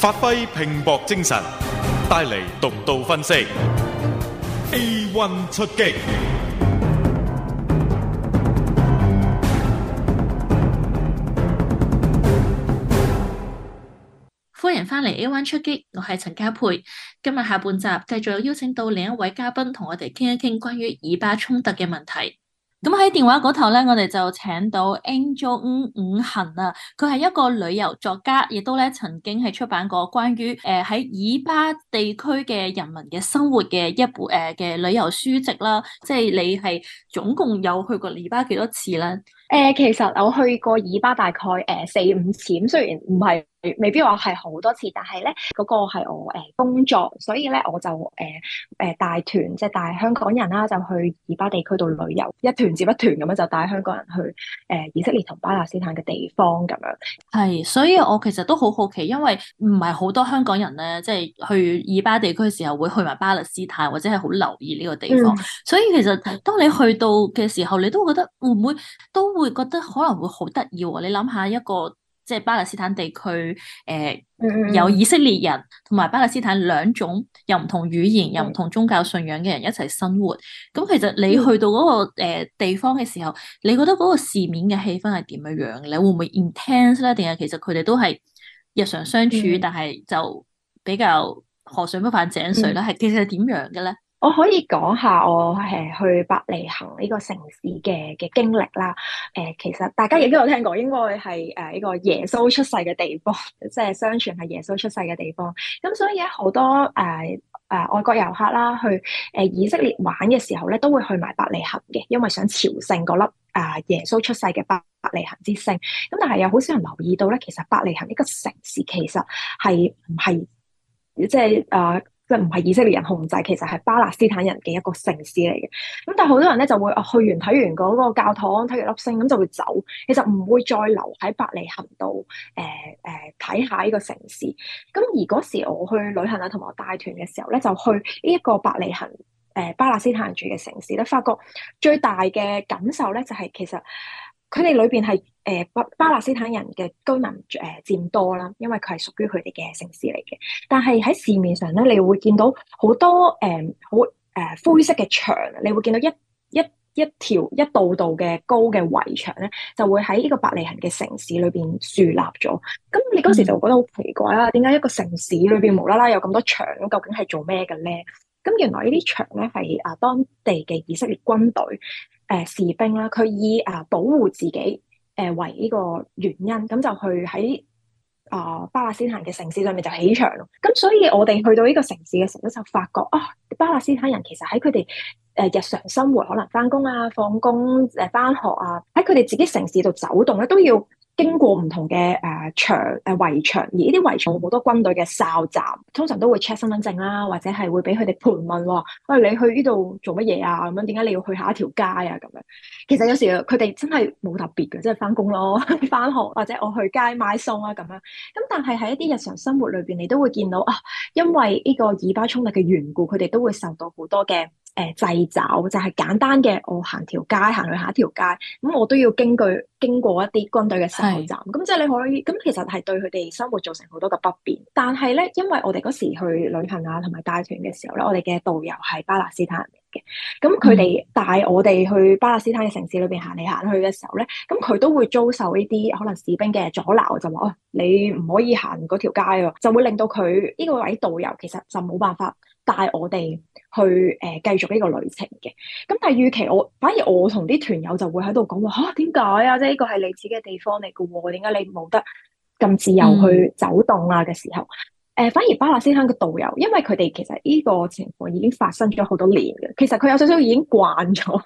發揮拼搏精神，帶嚟獨到分析。A one 出擊，歡迎返嚟 A one 出擊，我係陳家佩。今日下半集繼續邀請到另一位嘉賓，同我哋傾一傾關於以巴衝突嘅問題。咁喺電話嗰頭咧，我哋就請到 Angel 五五恒啊，佢係一個旅遊作家，亦都咧曾經係出版過關於誒喺以巴地區嘅人民嘅生活嘅一部誒嘅，呃、旅遊書籍啦。即係你係總共有去過以巴幾多次咧？誒、呃，其實我去過以巴大概誒四五次，咁、呃、雖然唔係。未必話係好多次，但係咧嗰個係我誒、呃、工作，所以咧我就誒誒、呃呃、帶團即係帶香港人啦，就去以巴地區度旅遊，一團接一團咁樣就帶香港人去誒、呃、以色列同巴勒斯坦嘅地方咁樣。係，所以我其實都好好奇，因為唔係好多香港人咧，即、就、係、是、去以巴地區嘅時候會去埋巴勒斯坦或者係好留意呢個地方，嗯、所以其實當你去到嘅時候，你都覺得會唔會都會覺得可能會好得意喎？你諗下一個。即係巴勒斯坦地區，誒、呃、有以色列人同埋巴勒斯坦兩種又唔同語言又唔同宗教信仰嘅人一齊生活。咁其實你去到嗰、那個、呃、地方嘅時候，你覺得嗰個市面嘅氣氛係點樣樣嘅咧？你會唔會 intense 咧？定係其實佢哋都係日常相處，嗯、但係就比較河水不犯井水啦。係、嗯、其實點樣嘅咧？我可以講下我係去伯利恒呢個城市嘅嘅經歷啦。誒、呃，其實大家亦都有聽過，應該係誒呢個耶穌出世嘅地方，即係相傳係耶穌出世嘅地方。咁所以咧，好多誒誒外國遊客啦，去誒、呃、以色列玩嘅時候咧，都會去埋伯利恒嘅，因為想朝聖嗰粒誒耶穌出世嘅伯利恒之星。咁但係有好少人留意到咧，其實伯利恒呢個城市其實係唔係即係誒？呃即唔係以色列人控制，其實係巴勒斯坦人嘅一個城市嚟嘅。咁但係好多人咧就會啊，去完睇完嗰個教堂，睇完粒星，咁就會走。其實唔會再留喺伯利恆度，誒誒睇下呢個城市。咁而嗰時我去旅行啊，同埋我帶團嘅時候咧，就去呢一個伯利恆誒、呃、巴勒斯坦人住嘅城市咧，發覺最大嘅感受咧就係、是、其實。佢哋裏邊係誒巴巴勒斯坦人嘅居民誒佔、呃、多啦，因為佢係屬於佢哋嘅城市嚟嘅。但係喺市面上咧，你會見到好多誒好誒灰色嘅牆，你會見到一一一條一道道嘅高嘅圍牆咧，就會喺呢個伯利恆嘅城市裏邊樹立咗。咁你嗰時就會覺得好奇怪啦，點解一個城市裏邊無啦啦有咁多牆？究竟係做咩嘅咧？咁原來呢啲牆咧係啊當地嘅以色列軍隊。誒、呃、士兵啦、啊，佢以誒、呃、保護自己誒、呃、為呢個原因，咁就去喺啊、呃、巴勒斯坦嘅城市裏面就起牆咯。咁所以我哋去到呢個城市嘅時候，就發覺啊、哦，巴勒斯坦人其實喺佢哋誒日常生活，可能返工啊、放工、誒返學啊，喺佢哋自己城市度走動咧、啊，都要。經過唔同嘅誒牆誒圍牆，而呢啲圍牆好多軍隊嘅哨站，通常都會 check 身份證啦，或者係會俾佢哋盤問，喂，你去呢度做乜嘢啊？咁樣，點解你要去下一條街啊？咁樣，其實有時佢哋真係冇特別嘅，即係翻工咯，翻學或者我去街買餸啊咁樣。咁但係喺一啲日常生活裏邊，你都會見到啊，因為呢個以巴衝突嘅緣故，佢哋都會受到好多嘅。誒，製找就係、是、簡單嘅，我行條街，行去下一條街，咁我都要根據經過一啲軍隊嘅檢查站，咁是即係你可以，咁其實係對佢哋生活造成好多嘅不便。但係咧，因為我哋嗰時去旅行啊，同埋帶團嘅時候咧，我哋嘅導遊係巴勒斯坦人嘅，咁佢哋帶我哋去巴勒斯坦嘅城市裏邊行嚟行去嘅時候咧，咁佢都會遭受呢啲可能士兵嘅阻撓，就話，哦、哎，你唔可以行嗰條街喎，就會令到佢呢個位導遊其實就冇辦法。帶我哋去誒繼、呃、續呢個旅程嘅，咁但係預期我反而我同啲團友就會喺度講話吓，點解啊？即係呢個係你自己嘅地方嚟嘅，點解你冇得咁自由去走動啊嘅時候？誒、嗯呃，反而巴勒斯坦嘅導遊，因為佢哋其實呢個情況已經發生咗好多年嘅，其實佢有少少已經慣咗。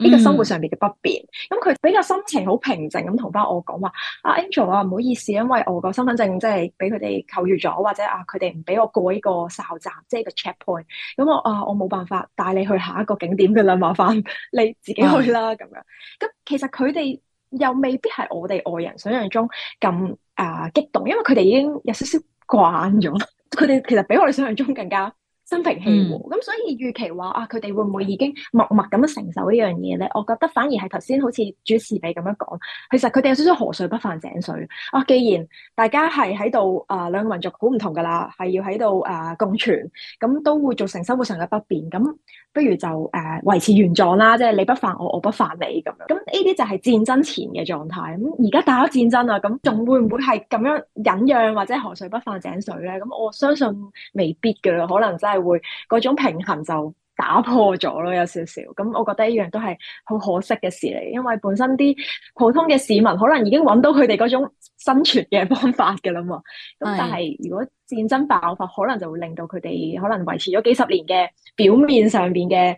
呢個生活上邊嘅不便，咁佢、mm. 嗯、比較心情好平靜咁同翻我講話，阿、啊、Angel 啊唔好意思，因為我個身份證即係俾佢哋扣住咗，或者啊佢哋唔俾我過呢個哨站，即、就、係、是、個 check point、嗯。咁我啊我冇辦法帶你去下一個景點嘅啦，麻煩你自己去啦咁 Yes. 樣。咁其實佢哋又未必係我哋外人想象中咁啊、呃、激動，因為佢哋已經有少少慣咗，佢哋其實比我哋想象中更加。心平氣和咁、嗯嗯，所以預期話啊，佢哋會唔會已經默默咁樣承受呢樣嘢咧？我覺得反而係頭先好似主持你咁樣講，其實佢哋有少少河水不犯井水啊。既然大家係喺度啊，兩個民族好唔同㗎啦，係要喺度啊共存，咁、嗯、都會造成生活上嘅不便。咁、嗯、不如就誒、呃、維持原狀啦，即、就、係、是、你不犯我，我不犯你咁樣。咁呢啲就係戰爭前嘅狀態。咁而家打咗戰爭啊，咁、嗯、仲會唔會係咁樣忍讓或者河水不犯井水咧？咁我相信未必㗎啦，可能真係～會嗰種平衡就打破咗咯，有少少咁，我覺得一樣都係好可惜嘅事嚟，因為本身啲普通嘅市民可能已經揾到佢哋嗰種生存嘅方法噶啦嘛，咁但係如果戰爭爆發，可能就會令到佢哋可能維持咗幾十年嘅表面上面嘅，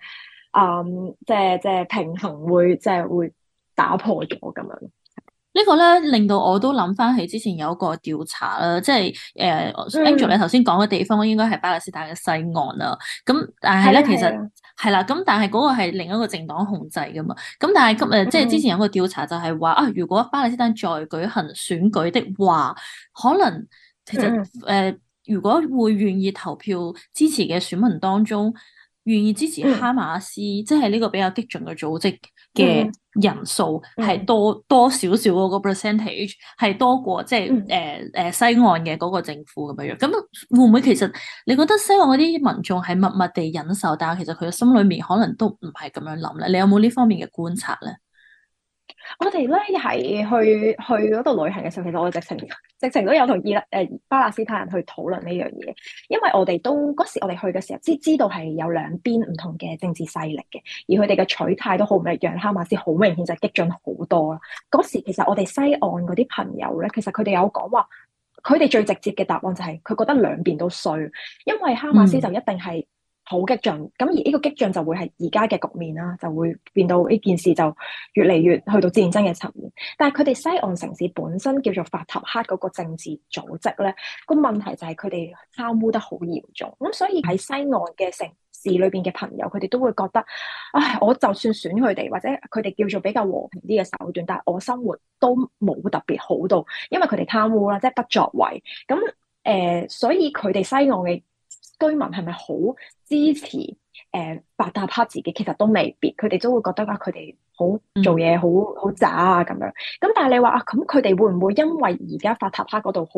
嗯，即係即係平衡會即係會打破咗咁樣。個呢個咧令到我都諗翻起之前有一個調查啦，即係誒 Angel 你頭先講嘅地方應該係巴勒斯坦嘅西岸啦。咁但係咧的其實係啦，咁但係嗰個係另一個政黨控制噶嘛。咁但係今誒即係之前有一個調查就係話啊，如果巴勒斯坦再舉行選舉的話，可能其實誒的、呃、如果會願意投票支持嘅選民當中。願意支持哈馬斯，嗯、即係呢個比較激進嘅組織嘅人數係、嗯、多多少少嗰個 percentage 係多過、嗯、即係誒誒西岸嘅嗰個政府咁樣樣，咁會唔會其實你覺得西岸嗰啲民眾係默默地忍受，但係其實佢嘅心裏面可能都唔係咁樣諗咧？你有冇呢方面嘅觀察咧？我哋咧係去去嗰度旅行嘅時候，其實我直情直情都有同伊勒誒巴勒斯坦人去討論呢樣嘢，因為我哋都嗰時我哋去嘅時候，知知道係有兩邊唔同嘅政治勢力嘅，而佢哋嘅取態都好唔一樣，哈馬斯好明顯就激進好多啦。嗰時其實我哋西岸嗰啲朋友咧，其實佢哋有講話，佢哋最直接嘅答案就係佢覺得兩邊都衰，因為哈馬斯就一定係、嗯。好激進，咁而呢個激進就會係而家嘅局面啦，就會變到呢件事就越嚟越去到戰爭嘅層面。但係佢哋西岸城市本身叫做法塔赫嗰個政治組織咧，個問題就係佢哋貪污得好嚴重。咁所以喺西岸嘅城市裏邊嘅朋友，佢哋都會覺得，唉，我就算選佢哋或者佢哋叫做比較和平啲嘅手段，但係我生活都冇特別好到，因為佢哋貪污啦，即係不作為。咁誒、呃，所以佢哋西岸嘅。居民係咪好支持？誒、呃、法塔赫自己其實都未必。佢哋都會覺得啊，佢哋好做嘢好好渣啊咁樣。咁但係你話啊，咁佢哋會唔會因為而家法塔赫嗰度好？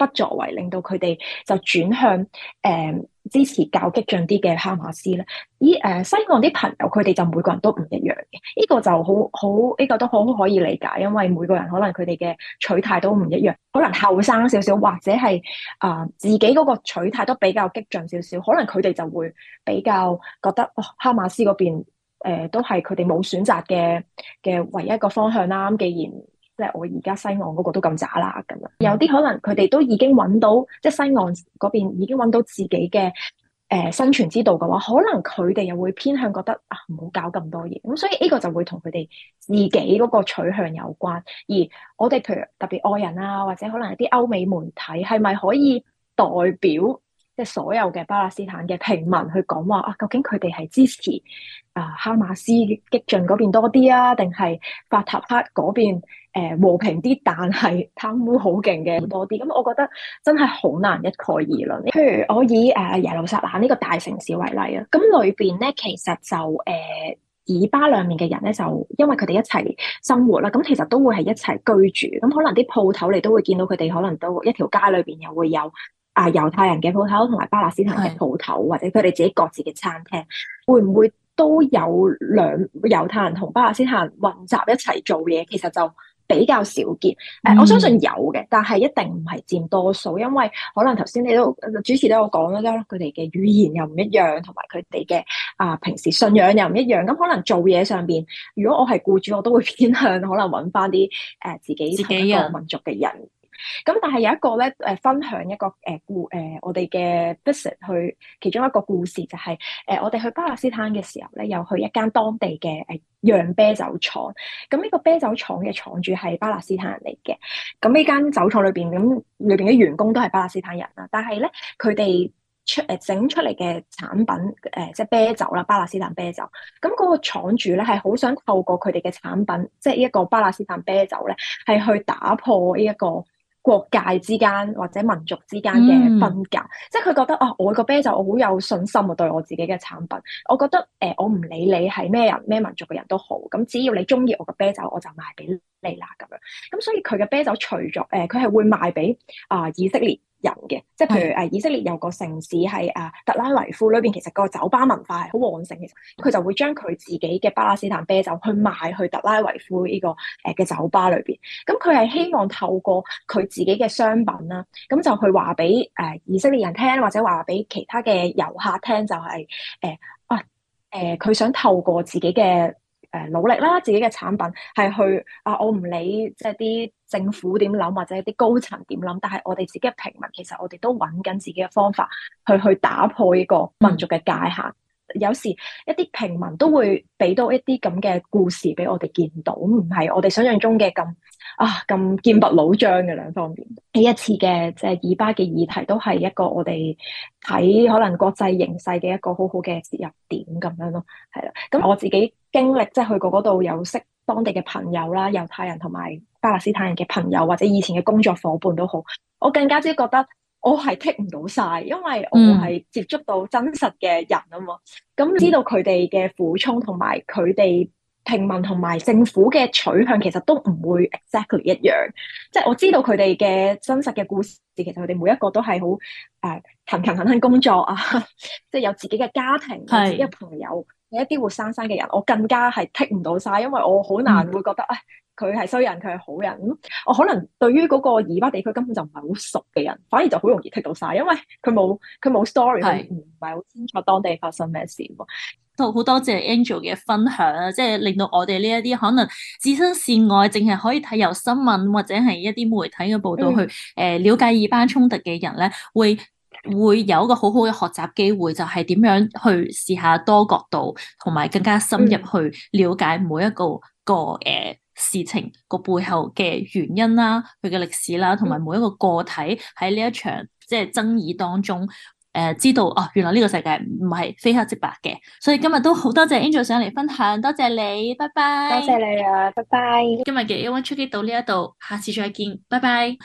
不作為，令到佢哋就轉向誒、呃、支持較激進啲嘅哈馬斯咧。依誒、呃，西岸啲朋友佢哋就每個人都唔一樣嘅。依、呢個就好好，依、呢個都好可以理解，因為每個人可能佢哋嘅取態都唔一樣。可能後生少少，或者係啊、呃、自己嗰個取態都比較激進少少，可能佢哋就會比較覺得哦，哈馬斯嗰邊、呃、都係佢哋冇選擇嘅嘅唯一一個方向啦。咁既然即係我而家西岸嗰個都咁渣啦，咁樣有啲可能佢哋都已經揾到，即係西岸嗰邊已經揾到自己嘅誒、呃、生存之道嘅話，可能佢哋又會偏向覺得啊，唔好搞咁多嘢。咁所以呢個就會同佢哋自己嗰個取向有關。而我哋譬如特別外人啊，或者可能一啲歐美媒體，係咪可以代表即係所有嘅巴勒斯坦嘅平民去講話啊？究竟佢哋係支持啊哈馬斯激進嗰邊多啲啊，定係法塔赫嗰邊？誒和平啲，但係貪污好勁嘅多啲。咁我覺得真係好難一概而論。譬如我以誒、呃、耶路撒冷呢個大城市為例啦，咁裏邊咧其實就誒、呃、以巴兩面嘅人咧，就因為佢哋一齊生活啦，咁其實都會係一齊居住。咁可能啲鋪頭你都會見到佢哋，可能都一條街裏邊又會有啊猶太人嘅鋪頭同埋巴勒斯坦嘅鋪頭，是或者佢哋自己各自嘅餐廳，會唔會都有兩猶太人同巴勒斯坦混雜一齊做嘢？其實就～比較少見，誒、呃，我相信有嘅，但係一定唔係佔多數，因為可能頭先你都主持都有講啦，佢哋嘅語言又唔一樣，同埋佢哋嘅啊平時信仰又唔一樣，咁、嗯、可能做嘢上邊，如果我係僱主，我都會偏向可能揾返啲誒自己一個民族嘅人。咁但係有一個咧，誒分享一個誒故誒，我哋嘅 visit 去其中一個故事就係、是、誒、呃，我哋去巴勒斯坦嘅時候咧，又去一間當地嘅誒洋啤酒廠。咁呢個啤酒廠嘅廠主係巴勒斯坦人嚟嘅。咁呢間酒廠裏邊，咁裏邊嘅員工都係巴勒斯坦人啦。但係咧，佢哋出誒整出嚟嘅產品，誒、呃、即係啤酒啦，巴勒斯坦啤酒。咁嗰個廠主咧係好想透過佢哋嘅產品，即係呢一個巴勒斯坦啤酒咧，係去打破呢、這、一個國界之間或者民族之間嘅分隔，嗯、即係佢覺得啊，我個啤酒我好有信心啊，對我自己嘅產品，我覺得誒、呃，我唔理你係咩人咩民族嘅人都好，咁只要你中意我個啤酒，我就賣俾你啦咁樣。咁所以佢嘅啤酒除咗誒，佢、呃、係會賣俾啊、呃，以色列人嘅，即係譬如誒，以色列有個城市係誒特拉維夫裏邊，其實個酒吧文化係好旺盛嘅，佢就會將佢自己嘅巴勒斯坦啤酒去賣去特拉維夫呢、這個誒嘅、呃、酒吧裏邊，咁佢係希望透過佢自己嘅商品啦，咁就去話俾誒以色列人聽，或者話俾其他嘅遊客聽，就係、是、誒，哇、呃、誒，佢、啊呃、想透過自己嘅。誒努力啦，自己嘅產品係去啊！我唔理即係啲政府點諗，或者啲高層點諗，但係我哋自己嘅平民，其實我哋都揾緊自己嘅方法去去打破呢個民族嘅界限。有時一啲平民都會俾到一啲咁嘅故事俾我哋見到，唔係我哋想像中嘅咁。啊，咁劍拔弩張嘅兩方面，呢一次嘅即係以巴嘅議題都係一個我哋睇可能國際形勢嘅一個好好嘅切入點咁樣咯，係啦。咁我自己經歷即係、就是、去過嗰度，有識當地嘅朋友啦，猶太人同埋巴勒斯坦人嘅朋友或者以前嘅工作伙伴都好，我更加之覺得我係剔唔到晒，因為我係接觸到真實嘅人啊嘛，咁、嗯、知道佢哋嘅苦衷同埋佢哋。平民同埋政府嘅取向，其實都唔會 exactly 一樣。即係我知道佢哋嘅真實嘅故事，其實佢哋每一個都係好誒勤勤懇懇工作啊，即係有自己嘅家庭、自己嘅是朋友，有一啲活生生嘅人。我更加係剔唔到晒，因為我好難會覺得啊，佢係衰人，佢係好人。我可能對於嗰個以巴地區根本就唔係好熟嘅人，反而就好容易剔到晒，因為佢冇佢冇 story，佢唔係好清楚當地發生咩事。好多謝 Angel 嘅分享啊！即係令到我哋呢一啲可能置身事外，淨係可以睇由新聞或者係一啲媒體嘅報道去誒了解二班衝突嘅人咧，會會有一個好好嘅學習機會，就係點樣去試下多角度，同埋更加深入去了解每一個個誒事情個背後嘅原因啦，佢嘅歷史啦，同埋每一個個體喺呢一場即係爭議當中。誒、呃，知道哦，原來呢個世界唔係非黑即白嘅，所以今日都好多謝 Angel 上嚟分享，多謝你，拜拜。多謝你啊，拜拜。今日嘅 A1 出擊到呢一度，下次再見，拜拜。